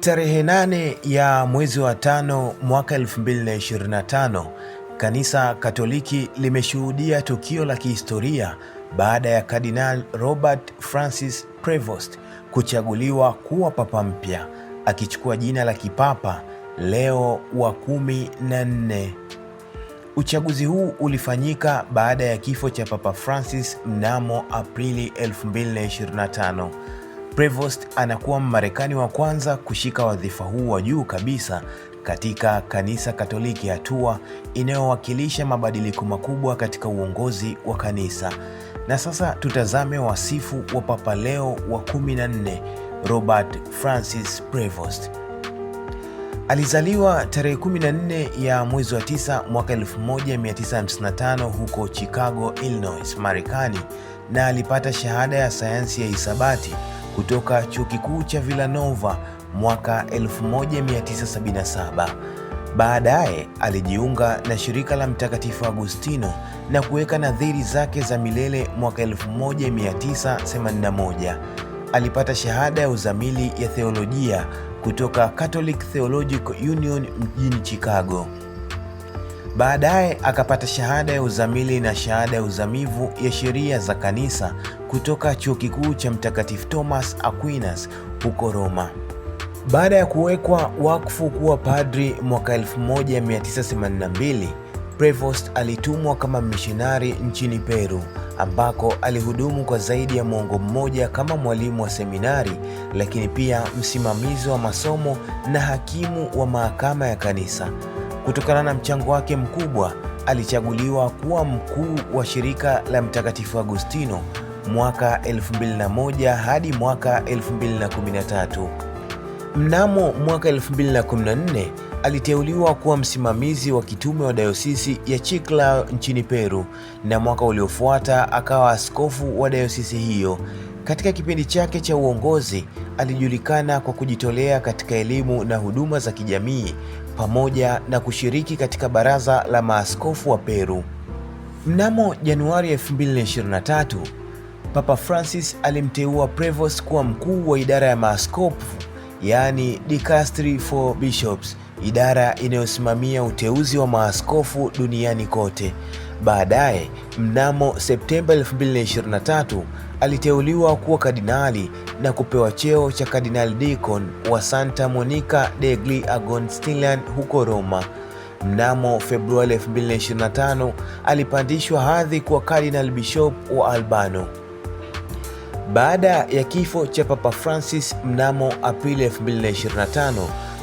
Tarehe nane ya mwezi wa tano mwaka 2025, Kanisa Katoliki limeshuhudia tukio la kihistoria baada ya Kardinal Robert Francis Prevost kuchaguliwa kuwa papa mpya akichukua jina la kipapa Leo wa kumi na nne. Uchaguzi huu ulifanyika baada ya kifo cha Papa Francis mnamo Aprili 2025. Prevost anakuwa Mmarekani wa kwanza kushika wadhifa huu wa juu kabisa katika Kanisa Katoliki, hatua inayowakilisha mabadiliko makubwa katika uongozi wa kanisa. Na sasa tutazame wasifu wa Papa Leo wa 14, Robert Francis Prevost. Alizaliwa tarehe 14 ya mwezi wa 9 mwaka 1955 huko Chicago, Illinois, Marekani na alipata shahada ya sayansi ya hisabati kutoka chuo kikuu cha Villanova mwaka 1977. Baadaye alijiunga na shirika la Mtakatifu Agustino na kuweka nadhiri zake za milele mwaka 1981. Alipata shahada ya uzamili ya theolojia kutoka Catholic Theological Union mjini Chicago. Baadaye akapata shahada ya uzamili na shahada ya uzamivu ya sheria za kanisa kutoka Chuo Kikuu cha Mtakatifu Thomas Aquinas huko Roma. Baada ya kuwekwa wakfu kuwa padri mwaka 1982, Prevost alitumwa kama mishonari nchini Peru ambako alihudumu kwa zaidi ya mwongo mmoja kama mwalimu wa seminari, lakini pia msimamizi wa masomo na hakimu wa mahakama ya kanisa. Kutokana na mchango wake mkubwa, alichaguliwa kuwa mkuu wa shirika la Mtakatifu Agustino mwaka 2001 hadi mwaka 2013. Mnamo mwaka 2014 aliteuliwa kuwa msimamizi wa kitume wa dayosisi ya Chiclayo nchini Peru na mwaka uliofuata akawa askofu wa dayosisi hiyo. Katika kipindi chake cha uongozi alijulikana kwa kujitolea katika elimu na huduma za kijamii pamoja na kushiriki katika Baraza la Maaskofu wa Peru. Mnamo Januari 2023, Papa Francis alimteua Prevost kuwa mkuu wa idara ya maaskofu, yaani Dicastery for Bishops idara inayosimamia uteuzi wa maaskofu duniani kote. Baadaye, mnamo Septemba 2023 aliteuliwa kuwa kardinali na kupewa cheo cha kardinali deacon wa Santa Monica degli Agostiniani huko Roma. Mnamo Februari 2025 alipandishwa hadhi kuwa kardinali bishop wa Albano. Baada ya kifo cha Papa Francis mnamo Aprili 2025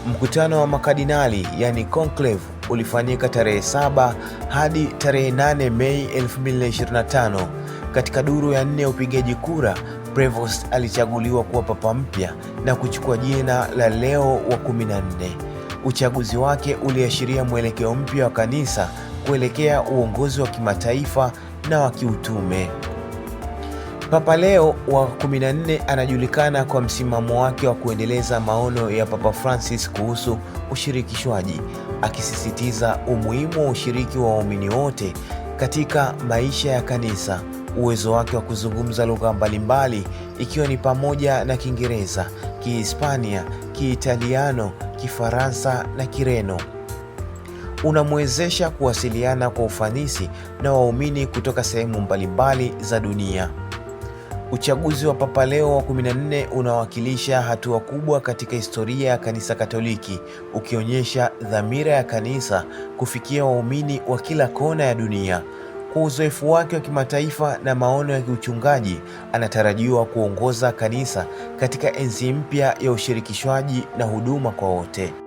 Mkutano wa makadinali yani conclave ulifanyika tarehe 7 hadi tarehe 8 Mei 2025. Katika duru ya nne ya upigaji kura, Prevost alichaguliwa kuwa papa mpya na kuchukua jina la Leo wa 14. Uchaguzi wake uliashiria mwelekeo mpya wa kanisa kuelekea uongozi wa kimataifa na wa kiutume. Papa Leo wa 14 anajulikana kwa msimamo wake wa kuendeleza maono ya Papa Francis kuhusu ushirikishwaji, akisisitiza umuhimu wa ushiriki wa waumini wote katika maisha ya kanisa. Uwezo wake wa kuzungumza lugha mbalimbali ikiwa ni pamoja na Kiingereza, Kihispania, Kiitaliano, Kifaransa na Kireno unamwezesha kuwasiliana kwa ufanisi na waumini kutoka sehemu mbalimbali za dunia. Uchaguzi wa Papa Leo wa 14 unawakilisha hatua kubwa katika historia ya Kanisa Katoliki, ukionyesha dhamira ya kanisa kufikia waumini wa kila kona ya dunia. Kwa uzoefu wake wa kimataifa na maono ya kiuchungaji, anatarajiwa kuongoza kanisa katika enzi mpya ya ushirikishwaji na huduma kwa wote.